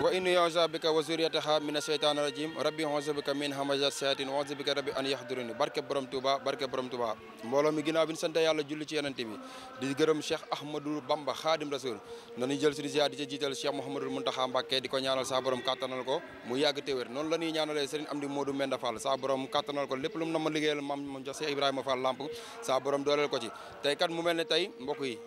wa inni yaaja bika wa zuriyataha mina sheytaani rajim rabbi auzu bika min hamazat shayatin wa auzu rabbi an yahduruni barke borom Touba barke borom Touba mbooloo mi bi ñu sant yàlla julli ci yonente bi di gërëm Cheikh Ahmadou Bamba Khadim Rasoul nañu jël suñu di ci jiital Cheikh Mouhamadul Mountakha Mbacké di ko ñaanal saa borom ko mu yàgg te noonu la ñuy ñaanalee Serigne Amdi Modou Menda Fall saa borom kattanal yi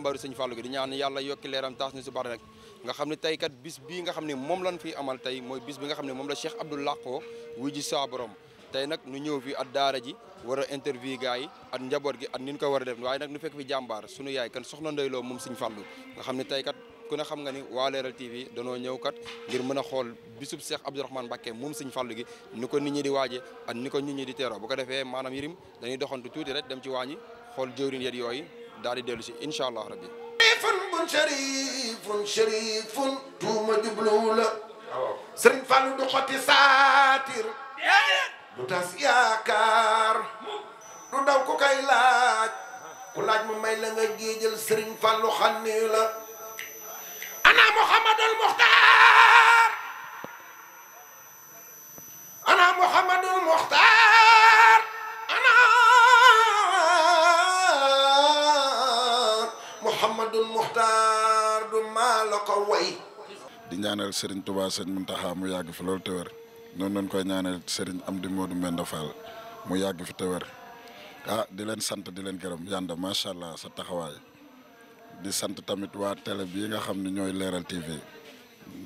tey dañoo yàlla yokki leeram taas ñu si bari rek nga xam ne tey kat bis bii nga xam ne moom lañ fi amal tey mooy bis bi nga xam ne moom la Cheikh Abdou Lakho wu ji saa borom tey nag nu ñëw fi at daara ji war a yi at njaboot gi at ni ñu ko war a def waaye nag nu fekk jàmbaar sunu yaay kan soxna Ndeye Lo moom Serigne Fallou nga xam ne tey ku ne xam nga ni waa Leral TV danoo ñëw kat ngir mën a xool bisub Cheikh Abdourahmane Mbacké moom Serigne Fallou gi ni ko nit ñi di waaje ak ni ko nit ñi di bu ko defee maanaam yirim dañuy doxantu tuuti rek dem ci waañi xool jëwrin yet yooyu daal di dellu si incha allah rabbi bun sharifun sharifun tuuma jubluwu la sëriñ du xotti saatir du tas yaakaar du daw ku kay laaj ku laaj mu may la nga géejal sëriñ Fallu xanni la ana Muhammadul Muxtaar ana Muhammadul Muxtaar ana Muhammadul Muxtaar du maa ko way di ñaanal Serigne Touba sëñ Muntaxa mu yàgg fi loolu te wér noonu lañ koy ñaanal am Amdi Modou Mbenda Fall mu yàgg fi te wér ah di leen sant di leen gërëm yànda macha allah sa taxawaay di sant tamit waa télé bii nga xam ni ñooy leeral TV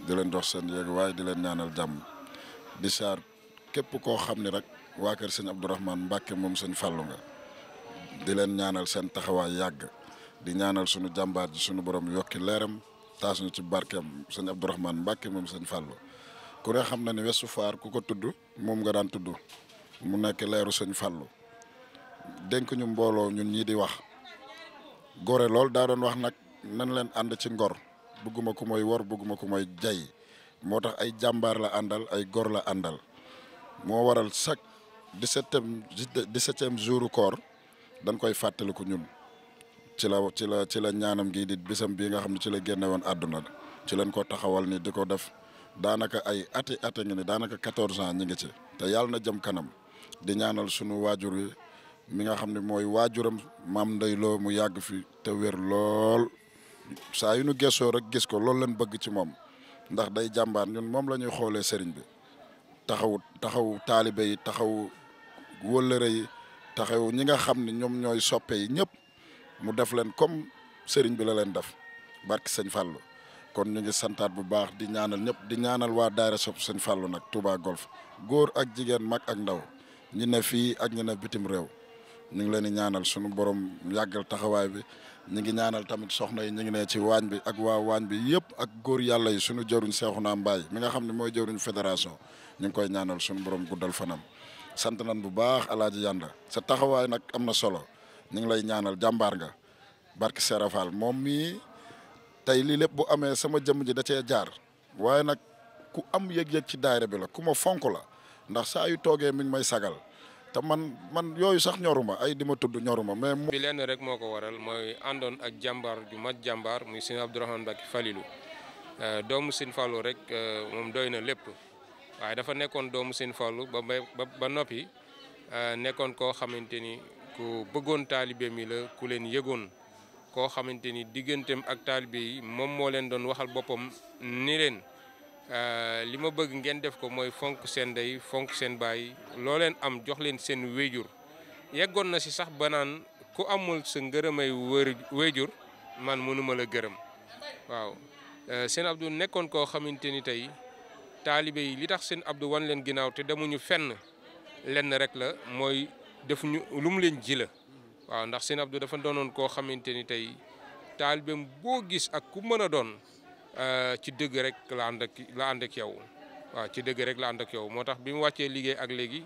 di leen dox seen yéeg waaye di leen ñaanal jàmm di saar képp koo xam ne rek waa kër sëñ Abdourahmane Mbacke moom seen Fallou nga di leen ñaanal seen taxawaay yàgg. di ñaanal sunu jàmbaar ji sunu borom yokki leeram taas ñu ci barkeem sëñ Abdourahmane Mbacke moom sëñ Fallou ku ne xam na ne Ouest Foire ku ko tudd moom nga daan tudd mu nekk leeru sëñ Fallou dénk ñu mbooloo ñun ñii di wax gore lool daa doon wax nag nan leen ànd ci ngor bëgguma ku mooy wor bëgguma ku moy jay moo tax ay jàmbaar la àndal ay gor la àndal moo waral chaque dix-septième dix-septième jouru dañ koy fàttaliku ñun ci la ci la ci la ñaanam gi di bisam bii nga xam ne ci la génne woon àdduna ci leen ko taxawal ni di ko def daanaka ay ati ati ngi ni daanaka quatorze ans ñi ngi ci te yàlla na jëm kanam di ñaanal sunu waajur yi mi nga xam ne mooy waajuram maam Ndeye Lo mu yàgg fi te wér lool saa yu nu gëstoo rek gis ko loolu lañ bëgg ci moom ndax day jàmbaar ñun moom la ñuy xoolee sëriñ bi taxaw taxaw taalibe yi taxaw wëllëre yi taxaw ñi nga xam ne ñoom ñooy soppe yi ñëpp mu def leen comme sëriñ bi la leen def barki sëñ Fallou kon ñu santaat bu baax di ñaanal ñëpp di ñaanal waa daayira sop sëñ Fallou nag Touba Golf góor ak jigéen mag ak ndaw ñi ne fii ak ñi bitim réew ñu ngi leen di ñaanal suñu borom yàggal taxawaay bi ñu ngi ñaanal tamit soxna yi ñu ngi ne ci waañ bi ak waa waañ bi yëpp ak góor yàlla yi suñu jëruñ Seexuna Mbaay mi nga xam ne mooy jëruñ fédération ñu ngi koy ñaanal suñu borom guddal fanam sant nañ bu baax alaaji yanda sa taxawaay nag am na solo ñu lay ñaanal jàmbaar nga barke Serap Fall moom mii tey lii lépp bu amee sama jëmm ji da cee jaar waaye nag ku am yëg-yëg ci daayira bi la ku ma fonk la ndax sax yu toogee mi may sagal te man man yooyu sax ñoruma ay di ma tudd ñoruma mais. bi lenn rek moo ko waral mooy àndoon ak jàmbaar ju mat jàmbaar muy sëñ Abdourahmane Mbacké Falilou euh, doomu sëñ Fallou rek euh, moom doy na lépp waaye dafa nekkoon doomu sëñ Fallou ba ba ba noppi euh, nekkoon koo xamante ni. ku bëggoon taalibe mi la ku leen yëgoon koo xamante ni digganteem ak taalibe yi moom moo leen doon waxal boppam ni leen euh, li ma bëgg ngeen def ko mooy fonk seen ndey fonk seen baay loo leen am jox leen seen wéjur yeggoon na si sax banaan naan ku amul sa ngërëmay wër wéjur man mënuma la gërëm waaw euh, seen Abdou nekkoon koo xamante ni tey taalibe yi li tax seen Abdou wan leen ginnaaw te demuñu fenn lenn rek la mooy defuñu lu mu leen ji la waaw ndax sëñ Abdou dafa doonoon koo xamante ni tey taalibeem boo gis ak ku mën a doon euh, ci dëgg rek la ànd ak yow waaw ci dëgg rek la ànd ak yow moo tax bi mu wàccee liggéey ak léegi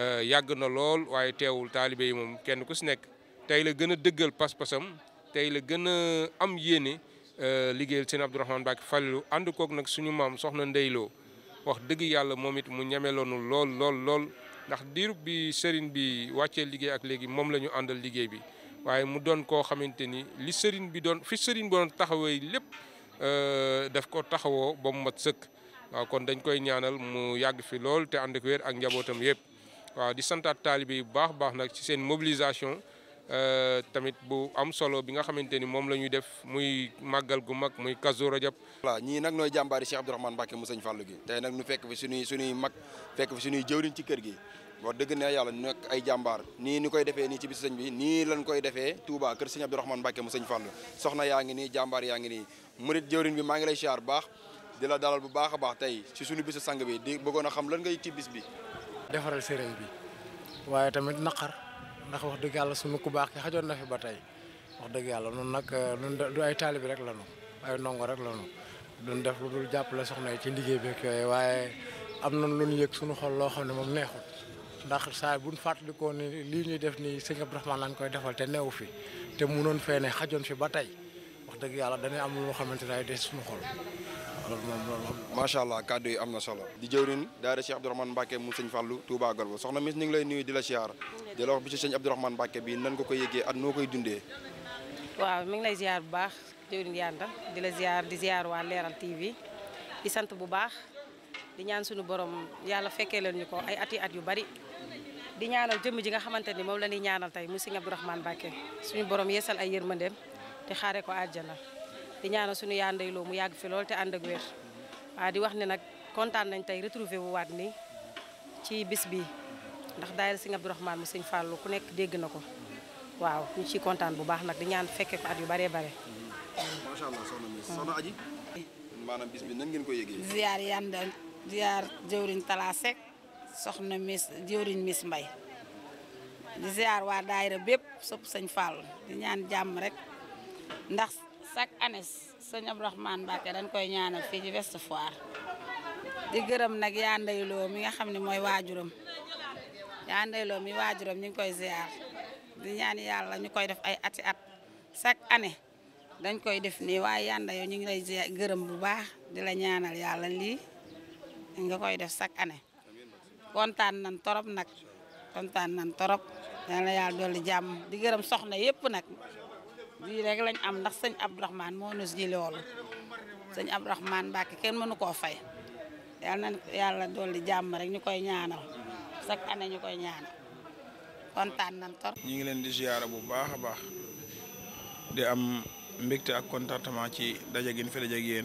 euh, yàgg na lool waaye teewul taalibe yi moom kenn ku si nekk tey la gën a dëggal pas-pasam tey la gën a am yéene euh, liggéeyal sëñ Abdourahmane Mbacké Fallilou ànd kook nag suñu maam soxna ndeyloo wax dëgg yàlla moom it mu ñemeloonu lool lool lool ndax diirub bi sëriñ bi wàccee liggéey ak léegi moom la ñu àndal liggéey bi waaye mu doon koo xamante ni li sëriñ bi doon fi sëriñ bi doon taxawee lépp euh, daf ko taxawoo ba mu mat sëkk waaw kon dañ koy ñaanal mu yàgg fi lool te ànd ak wér ak njabootam yëpp waaw di santaat taalibe yi bu baax baax nag ci seen mobilisation Euh, tamit bu am solo bi nga xamante ni moom la ñuy def muy màggal gu mag muy Kazu Rajab. voilà ñii nag nooy jàmbaari Cheikh Abdourahmane Mbacke mu sëñ Fallou gi tey nag ñu fekk fi suñuy suñuy mag fekk fi suñuy jëwriñ ci kër gi wax dëgg ne yàlla nekk ay jàmbaar nii ni koy defee nii ci bis sëñ bi nii lañ koy defee Touba kër sëñ Abdourahmane Mbacke mu sëñ Fallou soxna yaa ngi nii jàmbaar yaa ngi nii murit jëwriñ bi maa ngi lay siyaar baax di la dalal bu baax a baax tey ci suñu bisu sang bi di bëggoon a xam lan ngay ci bis bi defaral sëriñ bi waaye tamit naqar ndax wax dëgg yàlla sunu ku baax ki xajoon na fi ba tey wax dëgg yàlla noonu nag eh, du ay taalibi rek la lanu ay nongo rek lanu duñ def lu dul jàppale soxna yi ci liggéey beeg yooyu waaye am na lu ñu yëg sunu xol loo xam ne moom neexut ndax saa bu buñ fàttalikoo ni lii ñuy def nii sëñ Abdourahmane lañ koy defal te neewu fi te munoon fee ne xajoon fi ba tey wax dëgg yàlla dañuy am loo xamante ne day des sunu xol macha allah kàddu yi am na solo di jëwrin daara Cheikh Abdourahmane Mbacke mu sëñ Fallou Touba Galba soxna mis ñu ngi lay nuyu di la siyaar di la wax bi ci sëñ Abdourahmane Mbacke bi ko ko yëgee at noo koy dundee waaw mi ngi lay ziar bu baax jëwrin yanda di la ziar di ziar waa Leeral TV di sant bu baax di ñaan suñu borom yàlla fekkee leen ñu ko ay ati at yu bari di ñaanal jëmm ji nga xamante ni moom la ñuy ñaanal tey mu sëñ Abdourahmane Mbacke suñu borom yeesal ay yërmandeem te xaare ko àjjana di ñaanal suñu yaa Ndeye Lo mu yàgg fi lool te ànd ak wér di wax ne nag kontaan nañ tey retrouvé wu waat ni ci bis bi ndax daayira Sëñ Abdourahmane mu Sëñ Fallou ku nekk dégg na ko waaw ñu ciy kontaan bu baax nag di ñaan fekke ko at yu baree bare macha allah soxna mi soxna aji maanaam mbay di ziar waa bépp sopp sëñ Fallou di ñaan jàmm rek ndax chaque année sëñ Abdourahmane Mbacke dañ koy ñaanal fii ci Ouest Foire di gërëm nag yaa ndeyloo mi nga xam ne mooy waajuram yaa ndeyloo mi waajuram ñu ngi koy ziar di ñaan yàlla ñu koy def ay ati at chaque année dañ koy def ni waaye yaa ndeyoo ñu ngi lay ziar gërëm bu baax di la ñaanal yàlla lii nga koy def chaque année kontaan nan torop nag kontaan nan torop yàlla yàlla dolli jàmm di gërëm soxna yëpp nag. lii rek lañ am ndax sëñ Abdourahman moo nus ji loolu sëñ Abdourahman Mbàkke kenn nu koo fay yàlla na yàlla dolli jàmm rek ñu koy ñaanal chaque année ñu koy ñaanal kontaan nañ tor ñu ngi leen di ziyaara bu baax a baax di am mbégte ak contentement ci daje gi ñu fi daje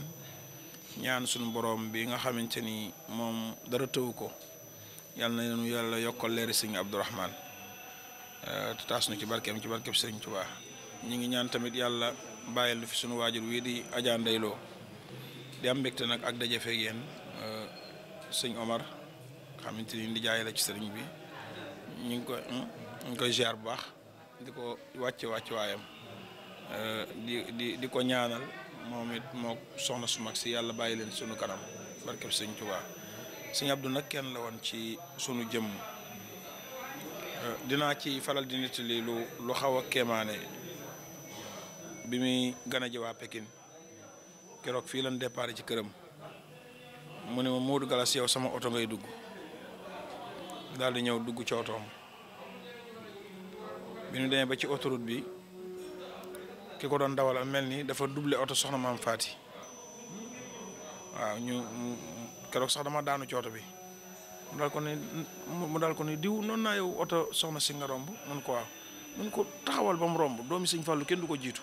ñaan suñu borom bi nga xamante ni moom dara tëw ko yàlla na leen yàlla yokkal leeri sëñ Abdourahman te taas nu ci barkeem ci barkeem sëñ Tuubaa ñu ngi ñaan tamit yàlla bàyyil lu fi sunu waajur wii di Adja Ndeye di am mbégte nag ak daje feeg yéen euh, sëñ Omar xamante ni di jaay la ci sëriñ bi ñu ngi koy ñu ngi koy ziar bu baax di ko wàcce wàcce waayam euh, di di di ko ñaanal moom it moo soxna su si yàlla bàyyi leen sunu kanam barkeb sëñ Tuubaa sëñ Abdou nag kenn la woon ci sunu jëmm euh, dinaa ci faral di nettali lu lu xaw a kéemaane. bi muy gën a ji Pekin keroog fii lan départ ci këram mu ne ma Modou Galas yow sama oto ngay dugg daal di ñëw dugg ci otoom bi ñu ba ci autoroute bi ki ko doon dawal mel ni dafa doublé oto soxna maam Faati waaw ñu dama daanu ci oto bi mu daal ko mu daal ko ne diw noon naa yow oto soxna si nga romb mun ko waaw mun ko taxawal ba mu romb doomi Sëñ Fallu kenn du ko jiitu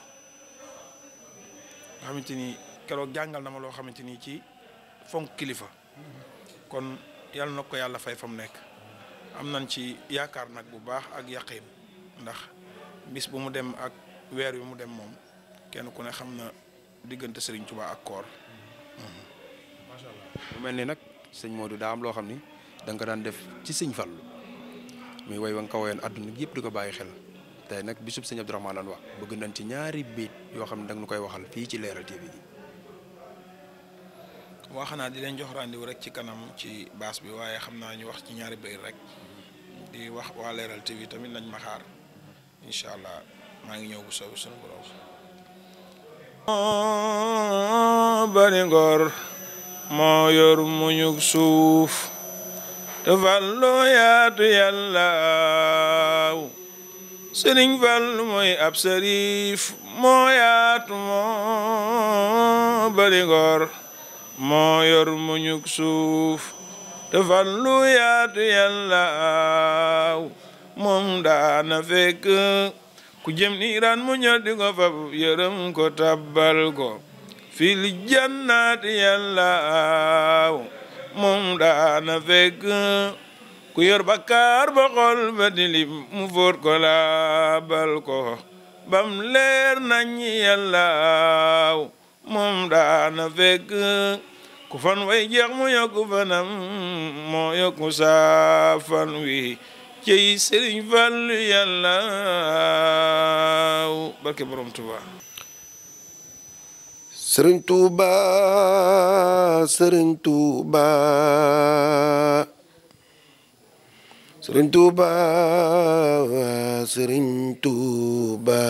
nga xamante ni keroog jàngal na ma loo xamante ni ci fonk kilifa kon yàlla na ko yàlla fay fa mu nekk am nañ ci yaakaar nag bu baax ak yaqiin ndax bis bu mu dem ak weer wi mu dem moom kenn ku ne xam na diggante sëriñ Touba ak koor macha mel ni nag sëñ Modou daa am loo xam ni da ko daan def ci sëñ Fallou muy way wa nga ko woyoon àdduna yëpp di ko bàyyi xel tey nag bisub sëñ Abdourahmane lan wax bëgg nañ ci ñaari biit yoo xam ne danga nu koy waxal fii ci Leral TV bi. waa xanaa di leen jox rendez rek ci kanam ci baas bi waaye xam naa ñu wax ci ñaari biit rek di wax waa Leral TV tamit nañ ma xaar incha allah maa ngi ñëw bu soobu suñu borom. bari moo yor muñug suuf te fallu yaatu yàlla sëriñ Fallu mooy ab sëriif moo yaatu moo bari ngor moo yor mu ñuk suuf te Fallu yaatu yàlla moom daana fekk ku jëm niiraan mu ñor di ko fab yërëm ko tabbal ko fil jannaati yàlla moom daana fekk ku yor bakkaar ba xol ba dilib mu fóot ko laabal ko bam leer nañ yàllaaw moom daana fekk ku fan way jeex mu yokku fanam moo yokku saafan wi cey sëriñ Fallu yàllaaw barke borom Tuuba sëriñ Tuuba sëriñ Tuuba sëriñ Tuuba sëriñ Tuuba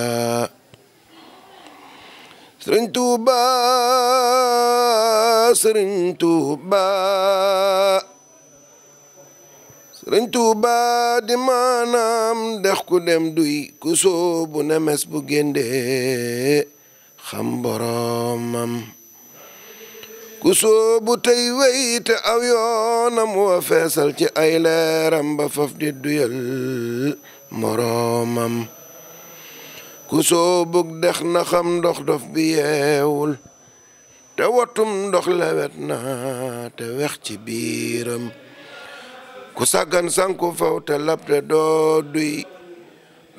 sëriñ Tuuba sëriñ Tuuba di maanaam dex ku dem duy ku nemes bu génde xam boromam ku soobu tey wey te aw yoonam wa feesal ci ay leeram ba faf di duyal moroomam ku soobug dex na xam ndox dof bi te wotum ndox lewet na te wex ci biiram ku sàggan sanku faw te lab doo duy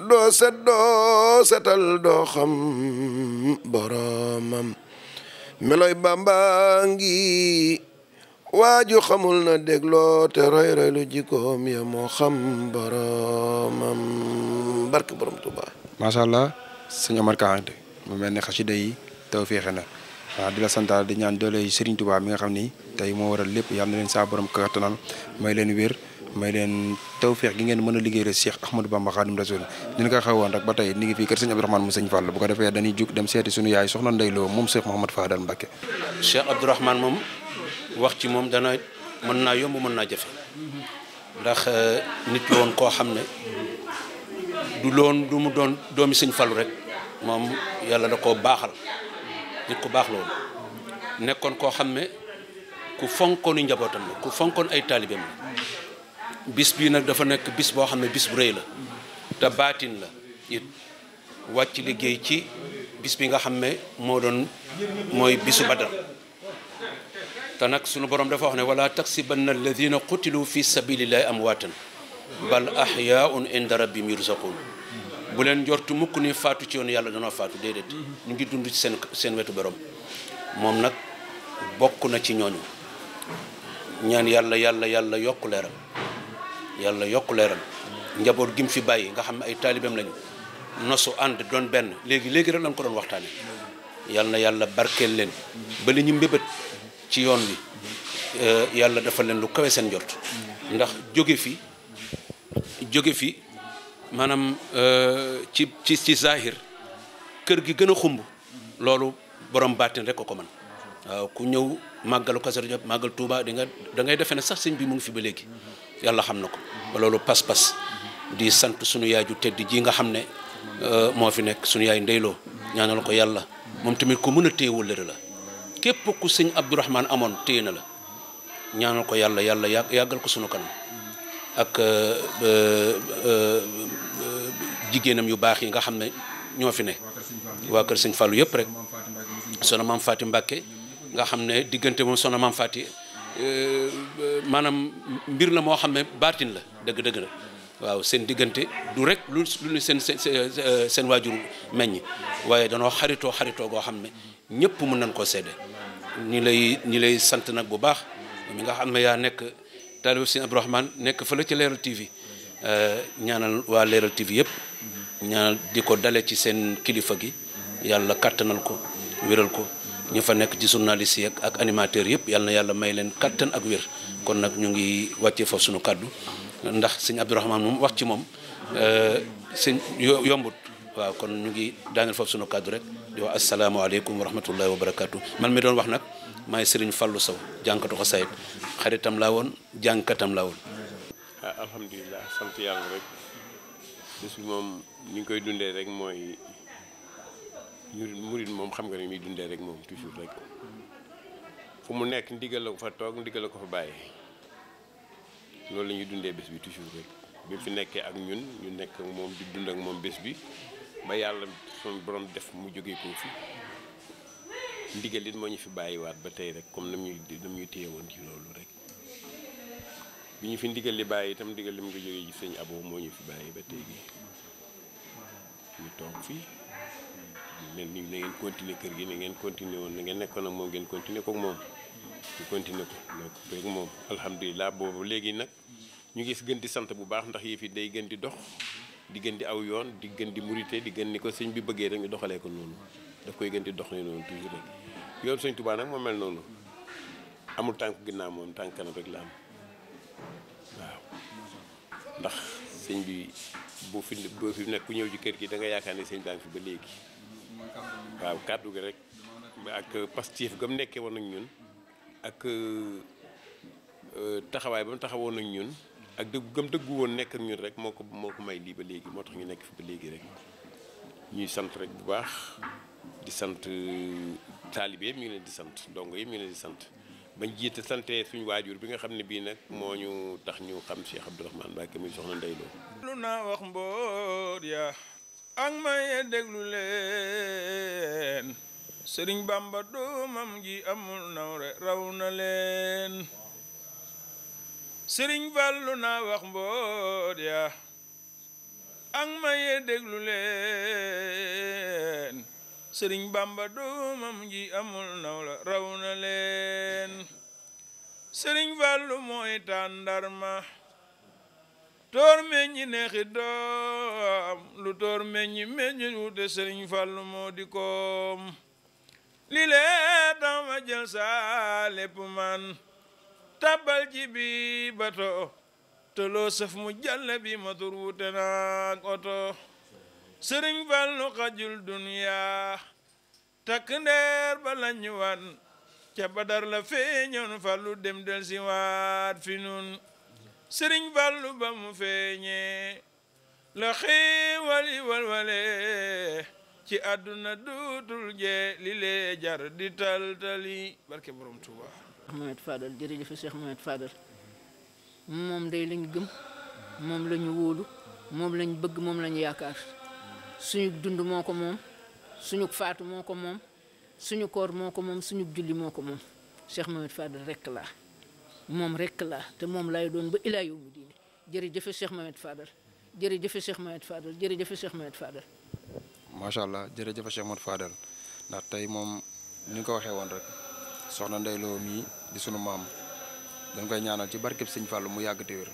doo set doo setal doo xam boroomam meloy bamba ngi waaju xamul na dégloo te roy roy lu jikkoom ya moo xam boromam barke borom Touba. macha allah sëñ Omar Ka mu mel ne xasida yi taw féexe na waaw di la santaal di ñaan doole Serigne Touba mi nga xam ni te moo waral lépp yal na leen saa borom kattanal mooy leen wér. may leen tawféex gi ngeen mën a liggéeyal Cheikh Ahmadou Bamba Khadim Rasoul ñu ko xewoon rek ba tey ñu ngi fii kër sëñ Abdourahmane mu sëñ Fall bu ko defee dañuy jug dem seeti suñu yaay soxna Ndeye Lo moom Cheikh Mouhamad Fadal Mbacké Cheikh Abdourahmane moom wax ci moom dana mën naa yomb mën naa jafe ndax euh, nit la koo xam ne du loon mu doon doomi sëñ Fallu rek moom da koo baaxal nit ku baax loolu nekkoon koo xam ne ku fonkoonu njabootam la ku fonkoon ay taalibeem bis bii nag dafa nekk bis boo xam ne bis bu rëy la te baatin la it wàcc liggéey ci bis bi nga xam ne moo doon mooy bisu badar te nag sunu borom dafa wax ne wala taxsibanna alladina qutilu fi sabilillahi amwaatan bal ahyaun inda rabbim yurzaqun bu leen njortu mukk ni faatu ci yoon yàlla danoo faatu déedéet ñu ngi dund ci seen seen wetu borom moom nag bokk na ci ñooñu ñaan yàlla yàlla yàlla yokk leeram yàlla yokk leeram njaboot gi mu fi bàyyi nga xam ne ay taalibeem lañu nosu ànd doon benn léegi léegi rek lañ ko doon waxtaanee yàlla na yàlla barkeel leen ba li ñu mbébét ci yoon wi euh, yàlla dafa leen lu kawe seen njort ndax jóge fi jóge fi maanaam euh, ci ci ci zahir kër gi gën a xumb loolu borom baatin rek ko ko man ku ñëw màggalu Kazu Rajab màggal Touba di nga da ngay defe ne sax sëñ bi mu ngi fi ba léegi yàlla xam na ko ba loolu pas-pas di sant sunu yaay ju tedd ji nga xam ne euh, moo fi nekk sunu yaay ndeyloo ñaanal ko yàlla moom tamit ko mën a téye wëllëre la képp ku sëñ Abdourahmane amoon téye la ñaanal ko yàlla yàlla yàggal ko sunu kanam ak euh, euh, jigéenam yu baax yi nga xam ne ñoo fi ne waa kër sëñ Fallou yëpp rek sona maam Faati Mbàkke nga xam ne diggante moom sona maam Faati Euh, maanaam mbir la moo xam ne baatin la dëgg-dëgg la waaw seen diggante du rek lu lu ñu seen seen waajur meññ waaye danoo xaritoo xaritoo goo xam ne ñëpp mun nañ koo seede ñi lay ñi lay sant nag bu baax mi nga xam ne yaa nekk taalibu Sëñ Abdourahmane nekk fële ci Leeral TV euh, ñaanal waa Leeral TV yëpp ñaanal di ko dale ci seen kilifa gi yàlla kàttanal ko wéral ko ñu fa nekk ci journaliste yi ak animateur yëpp yal na yàlla may leen kattan ak wér kon nag ñu ngi wàccee foofu suñu kàddu ndax sëñ Abdourahmane moom wax ci moom euh, sëñ yombut waaw kon ñu ngi daaneel foofu sunu kàddu rek di wax asalaamaaleykum wa rahmatullahi wa barakaatu. man mi doon wax nag maay Serigne Fallou Sow jànkatu xasaayid xaritam laa woon jànkatam laa woon. Ah, alhamdulilah sant yàlla rek moom ni koy dundee rek mooy. ñu murit moom xam nga ne muy dundee rek moom toujours rek fu mu nekk ndigal la ko fa toog ndigal la ko fa bàyyi loolu la ñuy dundee bés bi toujours rek bi fi nekkee ak ñun ñu nekk moom di dund ak moom bés bi ba yàlla suñu borom def mu jógee ko fi ndigal it moo ñu fi bàyyiwaat ba tey rek comme nam ñuy nam ñuy téye woon ci loolu rek bi ñu fi ndigal li bàyyi itam ndigal li mu ngi jógee ci sëñ Abo moo ñu fi bàyyi ba tey gi ñu toog fii ne ni na ngeen continuer kër gi na ngeen continuer woon na ngeen nekkoon ak moom ngeen continuer ko ak moom ñu continuer ko moom alhamdulilah boobu léegi nag ñu ngi gën di sant bu baax ndax yëf yi day gën di dox di gën di aw yoon di murite di gën ni ko sëñ bi bëggee rek ñu doxalee ko noonu daf koy gën di dox ne noonu toujours rek yoon sëñ Tuubaa nag moo mel noonu amul tànk ginnaaw moom tànk kanam rek la am ndax sëñ bi boo fi boo fi nekk ku ñëw ci kër gi da nga yaakaar ne sëñ baa ngi fi ba léegi waaw kàddu gi rek ak euh, pastif mu nekkee woon ak ñun ak euh, euh, taxawaay ba mu taxawoon ak ñun ak dëgg gam dëggu woon nekk ak ñun rek moo ko moo ko may lii ba léegi moo tax ñu nekk fi ba léegi rek ñuy sant rek bu baax di sant taalibe yëpp ñu ngi leen di sant dongo yëpp mu ngi leen di sant bañ jiite sante suñu waajur bi nga xam ne bii nag moo ñu tax ñu xam Cheikh Abdourahmane Mbacké muy soxna Ndeye lu na wax mboor ya ak maye déglu leen sëriñ bamba doomam ji amul nawre raw leen sëriñ fàllu naa wax mboot ya ak maye déglu leen sëriñ bamba doomam ji amul nawre raw na leen sëriñ fàllu mooy tàndarma toor meññi neexi doom lu toor meññi meññi wute sëriñ Fallu moo di koom li lee ma jël saa lépp man tabal ci bi bato te loo sëf mu jàll bi ma tur wute naag oto sëriñ Fallu xajul duniyaa takk ndeer ba lañu wan ca badar la feeñoon Fallu dem del si waat fi nun sëriñ Fallu ba mu feeñee la xéewali walwale ci àdduna duutul jee li lee jar di taltali barke borom Touba. Mohamed Fadal jërëjëf Cheikh Mohamed moom day lañ gëm moom lañu wóolu moom lañ bëgg moom lañu yaakaar suñu dund moo ko moom suñu faatu moo ko moom suñu koor moo ko moom suñu julli moo ko moom Cheikh Mohamed Fadal rek laa. moom rek laa te moom lay doon ba ilaa yow mi diine jërëjëfe Cheikh Mohamed Fadal jërëjëfe Cheikh Mohamed seex ma Cheikh Mohamed Fadal macha allah jërëjëfe Cheikh Mohamed Fadal ndax tey moom ni ko waxee woon rek soxna Ndeye Lo mii di sunu maam dañ koy ñaanal ci barkeb sëñ Fallou mu yàgg te wér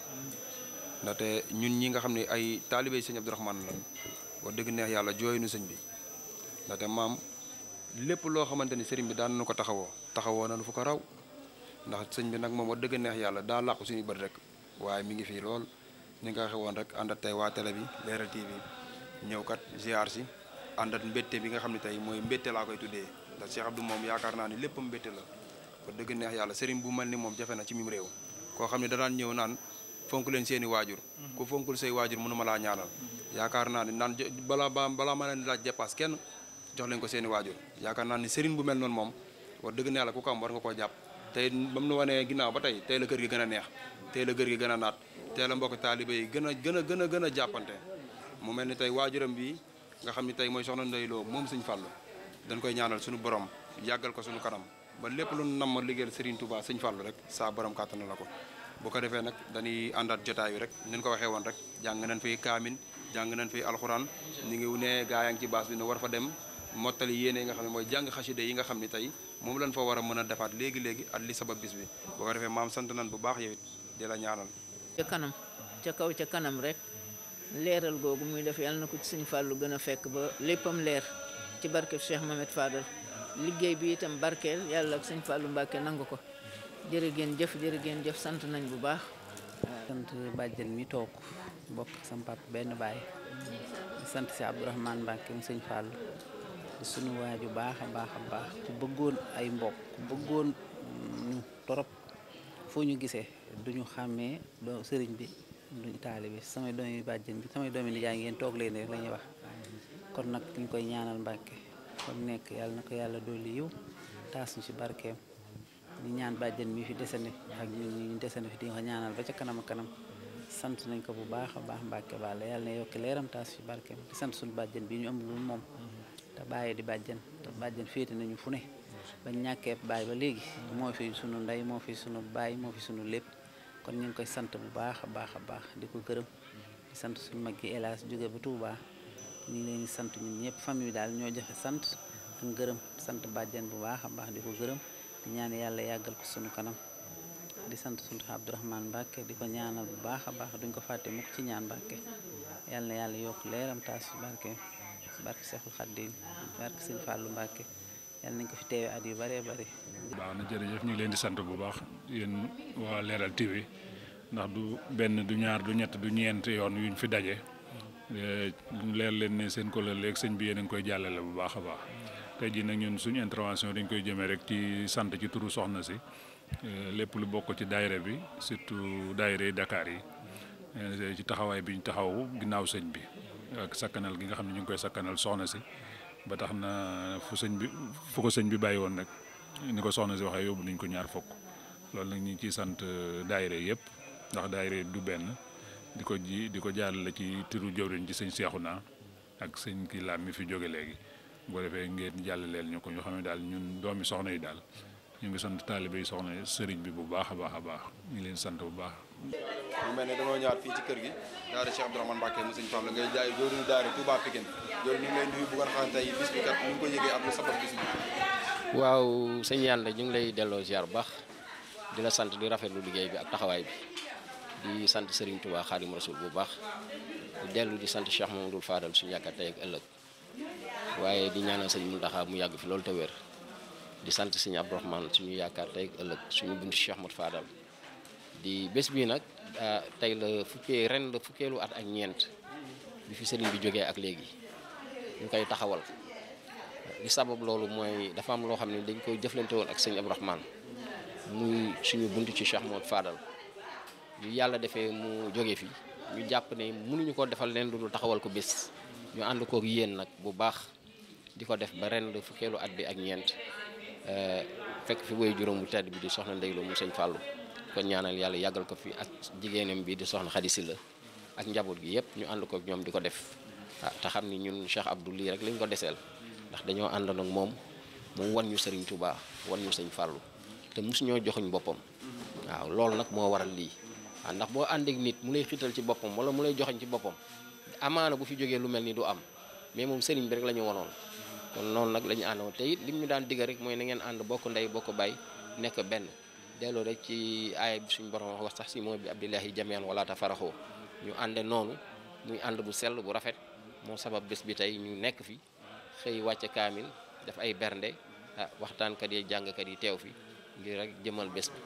ndaxte ñun ñi nga xam ne ay taalibey sëñ Abdourahmane la oo dëgg neex yàlla jooy nu sëñ bi ndaxte maam lépp loo xamante ni sëriñ bi daan na ko taxawoo taxawoo nañu fu ko raw ndax sëñ bi nag moom wax dëgg neex yàlla daa làqu suñu bët rek waaye mi ngi fii lool ni nga waxee woon rek ànd ak tey waa télé bi Leral TV ñëw kat ziar si ànd ak mbette bi nga xam ne tey mooy mbette laa koy tuddee ndax Cheikh moom yaakaar naa ni lépp mbette la dëgg yàlla sëriñ bu mel ni moom jafe na ci mim réew koo xam ne danaan ñëw naan fonk leen seeni waajur ku fonkul say waajur mënuma laa ñaanal yaakaar naa ni naan balaa ba balaa ma leen laaj dépasse kenn jox leen ko seeni waajur yaakaar naa ni sëriñ bu mel noonu moom wax dëgg neex la ko am war nga koo jàpp tey ba mu nu wanee ginnaaw ba tey tey la kër gi gën a neex tey la kër gi gën a naat tey la mbokk taalibe yi gën a gën a gën a gën a jàppante mu mel ni tey waajuram bi nga xam ni tey mooy soxna Ndeye Lo moom Sëñ Fallu dañ koy ñaanal suñu borom yàggal ko suñu kanam ba lépp lu namm liggéeyal Serigne Touba Sëñ Fallu rek saa borom kàttan la ko bu ko defee nag dañuy àndaat jotaay wi rek ni ñu ko waxee woon rek jàng nañ fiy kaamin jàng nañ fiy alxuraan ñu ngi wu ne gaa yaa ngi ci baas bi ne war fa dem mottali yéene yi nga xam ne mooy jàng xaside yi nga xam ni tey moom lañ fa war a mën a defaat léegi léegi at li sabab bis bi boo ko defee maam sant nañ bu baax yow it di la ñaanal. ca kanam ca kaw ca kanam rek leeral googu muy def yàlla na ko ci suñu fàllu gën a fekk ba léppam leer ci barkeb Cheikh Mohamed Fadal liggéey bi itam barkeel yàlla ak suñu fàllu Mbàkke nangu ko jërë ngeen jëf jërë ngeen jëf sant nañ bu baax. sant bàjjen mi toog bokk sama papa benn baay sant si Abdourahmane Mbàkke mu sëñ Fallou di sunu waaju baax a baax a baax ku bëggoon ay mbokk ku bëggoon ñu torop foo ñu gisee duñu xàmmee doo sëriñ bi duñu taalibe samay doomi bàjjen bi samay doomi nijaay ngeen toog leen rek la ñuy wax kon nag ñu koy ñaanal Mbàkke kon nekk yàlla na ko yàlla dolli yiw taas ñu ci barkeem di ñaan bàjjen mi fi desandi ak ñun ñu desandi fi di ko ñaanal ba ca kanam kanam sant nañ ko bu baax a baax Mbàkke Balla yàlla na yokki leeram taas ci barkeem di sant suñu bàjjen bi ñu amul moom te bàyyi di bàjjan te bàjjan féete nañu fu ne bañ ñàkkee bàyyi ba léegi moo fi sunu ndey moo fi sunu baay moo fi sunu lépp kon ñu koy sant bu baax a baax a baax di ko gërëm di sant suñu mag yi hélas jóge ba Touba leen sant ñun ñëpp famille daal ñoo joxe sant ak gërëm sant bàjjan bu baax a baax di ko gërëm ñaan yàlla yàggal ko sunu kanam di sant sunu Abdourahmane Mbacke di ko ñaanal bu baax a baax duñ ko fàtte mukk ci ñaan Mbacke yàlla na yàlla yokk leeram taas barke barke Seexul Xaddiim barke Sëñ Fàllu Mbàkke nañ ko fi teewe at yu bëree bëri. baax na jërëjëf ñu leen di sant bu baax yéen waa Leral TV ndax du benn du ñaar du ñett du ñeent yoon yuñ fi daje eh, leer leen ne seen kóllëre léegi sëñ bi yéen a koy jàllale bu baax a baax tey jii nag ñun suñu intervention dañ koy jëmee rek ci sant ci turu soxna si eh, lépp lu bokk ci daayira bi surtout daayira dakaar yi eh, ci taxawaay bi taxaw ginnaaw sëñ bi. ak sakkanal gi nga xam ne ñu ngi koy sakkanal soxna si ba tax na fu sëñ bi fu ko sëñ bi bàyyi woon nag ni ko soxna si waxee yóbbu nañ ko ñaar fukk loolu nag ñu ngi ciy sant euh, daayira yëpp ndax daayira du benn di ko ji di ko jaarale ci turu jëwriñ ci sëñ naa ak sëñ kii laam mi fi jóge léegi bu ko defee ngeen jàllaleel ñu ko ñu xam ne daal ñun doomi soxna yi daal ñu ngi sant taalibe yi soxna sëriñ bi bu baax a baax a baax ñu leen sant bu baax mu mel ni dañoo ñëwaat fii ci kër gi daara Cheikh Abdourahmane Mbacké mu sëñ Fall ngay jaay jooruñu daara Touba Pikine jooru ñu ngi lay nuyu bu nga xam tey bis bi kat ñu ko yëgee ak lu sabab waaw sëñ yàlla ñu ngi lay delloo ziar bu baax di la sant di rafetlu liggéey bi ak taxawaay bi di sant sëriñ Touba Khadim Rasoul bu baax dellu di sant Cheikh Mamadou Fadal suñu yaakaar tey ak ëllëg waaye di ñaanal mu Mountakha mu yàgg fi loolu te wér di sant sëñ Abdourahmane suñu yaakaar tey ak ëllëg suñu buntu Cheikh Mamadou Fadal di bés bii nag ah, tey la fukkee ren la fukkeelu at ak ñeent bi fi sëriñ bi jógee ak léegi ñu koy taxawal li sabab loolu mooy dafa am loo xam ne dañ koy jëflante woon ak sëñ Abdourahmane muy suñu bunt ci Cheikh Modou Fadal yu yàlla defee mu jóge fi ñu jàpp ne mënuñu koo defal leen lu taxawal ko bés ñu ànd kook yéen nag bu baax di ko def ba ren la fukkeelu at bi ak ñeent eh, fekk fi woy juróom bu tedd bi di soxna Ndeye Lo mu sëñ Fallou ko ñaanal yàlla yàggal ko fi ak jigéenam bi di soxna Xadi Sylla ak njaboot gi yëpp ñu ànd ko ñoom di ko def waaw ah, te xam ni ñun Cheikh Abdou lii rek lañ ko deseel ndax dañoo ànd nag moom moom wan ñu Serigne Touba wan ñu Sëñ Fàllu te mosuñoo joxuñ boppam waaw loolu nag moo waral lii waaw ah, ndax boo àndeek nit mu lay xiital ci boppam wala mu lay joxoñ ci boppam amaana bu fi jógee lu mel ni du am mais moom sëriñ bi rek la ñu wanoon kon noonu nag la ñu àndoon te it lim ñu daan digga rek mooy na ngeen ànd bokk ndey bokk bay nekk benn delloo rek ci aaya bi suñu borom wax wax sax si moom bi abdillahi jamian wala tafaraxoo ñu ànde noonu muy ànd bu sel bu rafet moo sabab bés bi tey ñu nekk fi xëy wàcce kaamil def ay bernde ah waxtaankat yi jàngkat yi teew fi ngir rek jëmal bés bi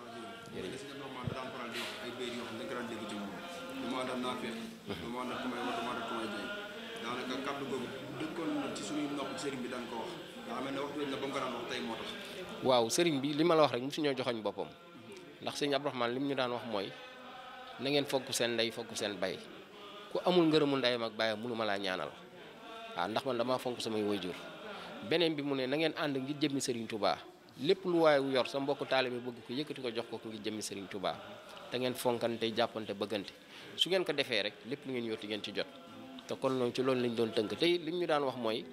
daanaka kàddu googu dëkkoon na ci suñuy nopp sëriñ bi daan wax waaw sëriñ bi li ma la wax rek mosu ñoo joxoñ boppam ndax sëriñ Abdourahmane li mu ñu daan wax mooy na ngeen fokk seen ndey fokk seen bay ku amul ngërëmu ndeyam ak baayam mënu ma laa ñaanal waaw ndax man damaa fonk samay waajur beneen bi mu ne na ngeen ànd ngir jëmmi sëriñ tubaa lépp lu waaye yor sa mbokk taalibe bëgg ko yëkkati ko jox ko ngir jëmmi sëriñ tubaa te ngeen fonkante jàppante bëggante su ngeen ko defee rek lépp lu ngeen yotti ngeen ci jot te kon noonu ci loolu lañ doon tënk tey li ñu daan wax mooy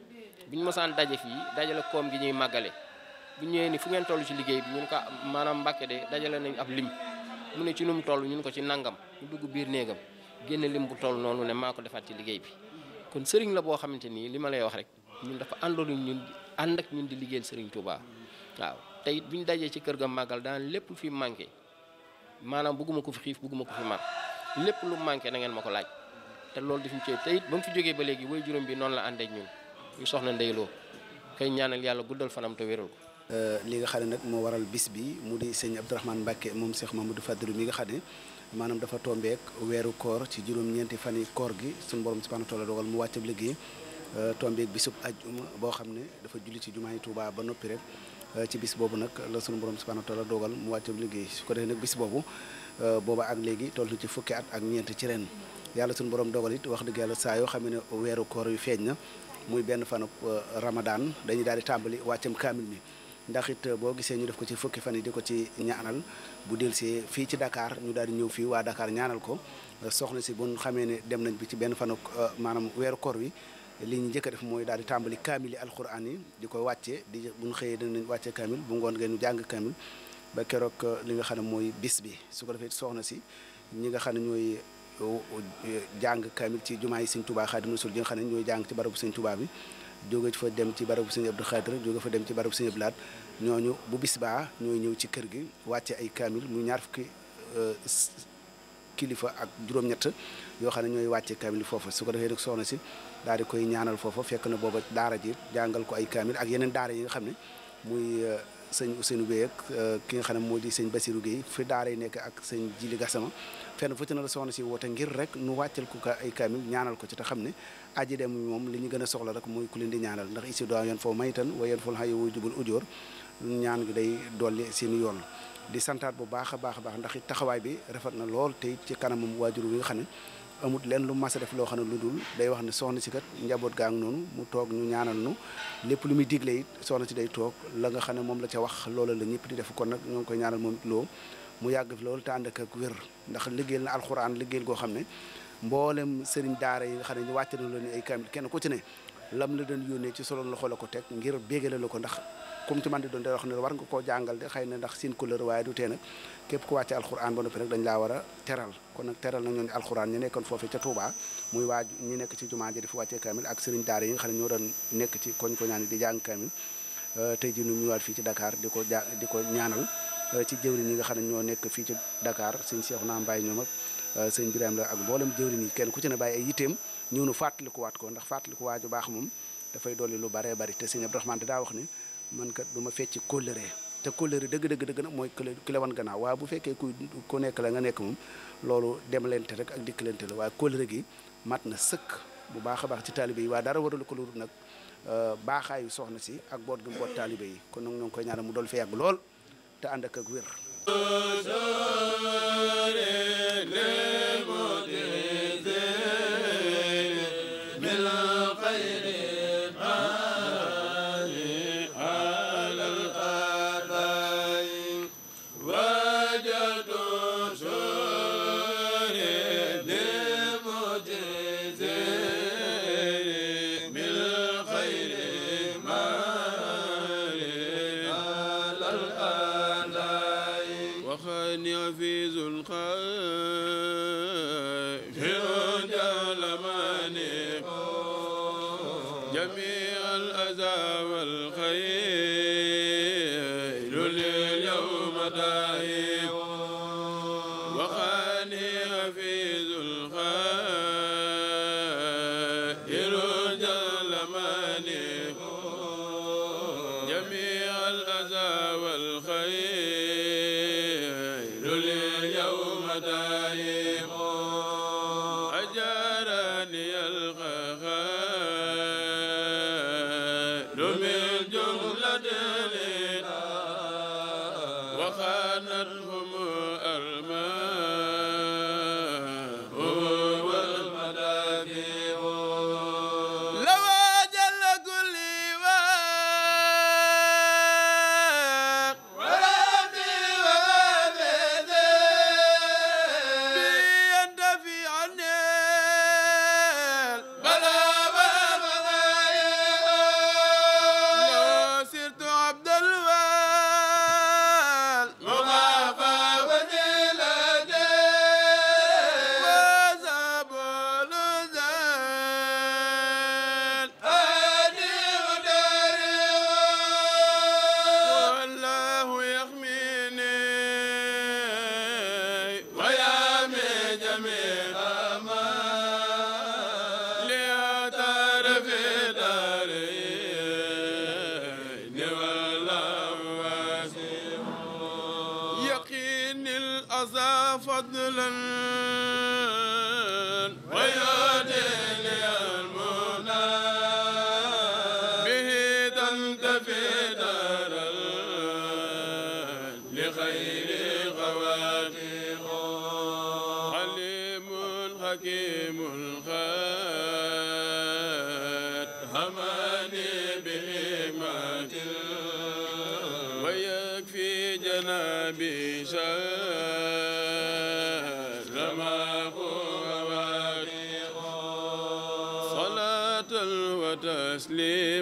bu ñu mosaan daje fii dajale koom gi ñuy màggale bu ñëwee ni fu ngeen tollu ci liggéey bi ñun ko maanaam mbàkke de dajale nañ ab lim mu ne ci num ñu ñun ko ci nangam mu dugg biir néegam génne lim bu toll noonu ne maa ko defaat ci liggéey bi kon sëriñ la boo xamante nii li ma lay wax rek ñun dafa àndoon ñu ànd ak ñun di liggéeyal sëriñ Touba waaw te it bu ñu dajee ci kër ga màggal daan lépp fi manqué maanaam bugguma ko fi xiif bugguma ko fi mar lépp lu manqué na ngeen ma ko laaj te loolu daf ñu ceeb te it fi jógee ba léegi way juróom bi noonu la ànd ak yu soxna ndeyloo koy ñaanal yàlla guddal fanam te wéral ko euh, li nga xam ne nag moo waral bis bi mu di sëñ Abdourahmane Mbacke moom Cheikh Mamadou Fadilou mi nga xam ne maanaam dafa tombeek weeru koor ci juróom-ñeenti fan yi koor gi suñu borom subhanahu wa taala dogal mu wàccab liggéey euh, tombeek bisub ajjuma boo xam ne dafa julli ci jumaa yi Tuubaa ba noppi rek euh, ci bis boobu nag la sunu borom subhanahu wa taala dogal mu wàccab liggéey su ko defee nag bis boobu booba ak léegi toll ci fukki at ak ñeent ci ren yàlla sunu borom dogal it wax dëgg yàlla saa yoo xam ne weeru koor yu feeñ na muy benn fanub euh, Ramadan dañuy daal di tàmbali wàccam kaamil mi ndax it euh, boo gisee ñu def ko ci fukki fan yi di ko ci ñaanal bu delsee fii ci dakaar ñu daal di ñëw fii waa dakaar ñaanal ko euh, soxna si bu xamee ne dem nañ bi ci benn fanu maanaam weeru koor wi li ñu njëkk a def mooy daal di tàmbali kaamil yi alxuraan yi di ko wàccee di bu ñu xëyee dañ danañ wàccee kaamil bu ngoon ngeen jàng kaamil ba keroog li nga xam ne mooy bis bi su ko defee soxna si ñi nga xam ne ñooy jàng kamil ci jumaay sëñ Touba Xaadimu Rasuul ji nga xam ne ñooy jàng ci barabu sëñ Touba bi jóge fa dem ci barabu sëñ Abdou Xaadir jóge fa dem ci barabu sëñ Abdou Lahat ñooñu bu bis baa ñooy ñëw ci kër gi wàcce ay kamil muy ñaar fukki euh, kilifa ak juróom-ñett yoo xam ne ñooy wàcce kaamil foofa su ko defee nag soxna si daal di koy ñaanal foofa fekk na booba daara ji jàngal ko ay kaamil ak yeneen daara yi nga xam ne muy euh, sëñ Ousseynou Gueye ak euh, ki nga xam ne moo di sëñ Basirou Gueye fi daara nekk ak sëñ Jili fenn fu na la soxna si woote ngir rek nu wàccal ko ay kaamil ñaanal ko ci te xam ne aji dem moom li ñu gën a soxla rek mooy ku leen di ñaanal ndax isi doa yoon foo maytan wa yoon fol xaye woo jubul ujoor ñaan gi day dolli seen yoon di santaat bu baax a baax a baax ndax it taxawaay bi rafet na lool tey ci kanamam waajur wi nga xam ne amut leen lu mas a def loo xam ne lu dul day wax ne soxna si kat njaboot gaa ngi noonu mu toog ñu ñaanal nu lépp lu muy digle it soxna si day toog la nga xam ne moom la ca wax loola la ñëpp di def kon nag ñoo ngi koy ñaanal loo mu yàgg fi loolu te ànd ak ak ndax liggéeyal na alxuraan liggéeyal goo xam ne mboolem sëriñ daara yi nga xam ne wàcce na leen ay kamil kenn ku ci ne lam la doon yónnee ci solo loxo la ko teg ngir bégale la ko ndax comme ci man doon day wax ne war nga koo jàngal de xëy na ndax seen couleur waaye du tee nag képp ku wàcce alxuraan ba noppi rek dañ laa war a teral kon nag teral na ñooñu alxuraan ñu nekkoon foofu ca Touba muy waaj ñu nekk ci jumaa ji di fi wàccee kamil ak sëriñ daara yi nga xam ne ñoo doon nekk ci koñ ko ñaan di jàng kamil tey ji nu ñëwaat fii ci Dakar di ko ja di ñaanal Euh, ci jëwriñ yi nga xam ne ñoo nekk fii ci Dakar sëñ Cheikhouna Mbaye ñoom ak euh, sëñ Birame la ak mboolem jëwriñ yi kenn ku ci ne bàyyi ay yitteem ñëw nu fàttalikuwaat ko ndax fàttaliku waaju baax moom dafay dolli lu bare bari te sëñ Abdourahmane daa wax ni man kat du ma fecc kóllëre te kóllëre dëgg dëgg dëgg nag mooy ki la wan gannaaw waaye bu fekkee ku ku nekk la nga nekk moom loolu dem rek ak dikkalente la waaye kóllëre gi mat na sëkk bu baax a baax ci taalibe yi waaye dara waralu ko lu nag euh, baaxaayu soxna si ak boot gi boot taalibe yi kon nag ñoo ngi koy ñaanal mu dool fi lool te ànd ak ak wér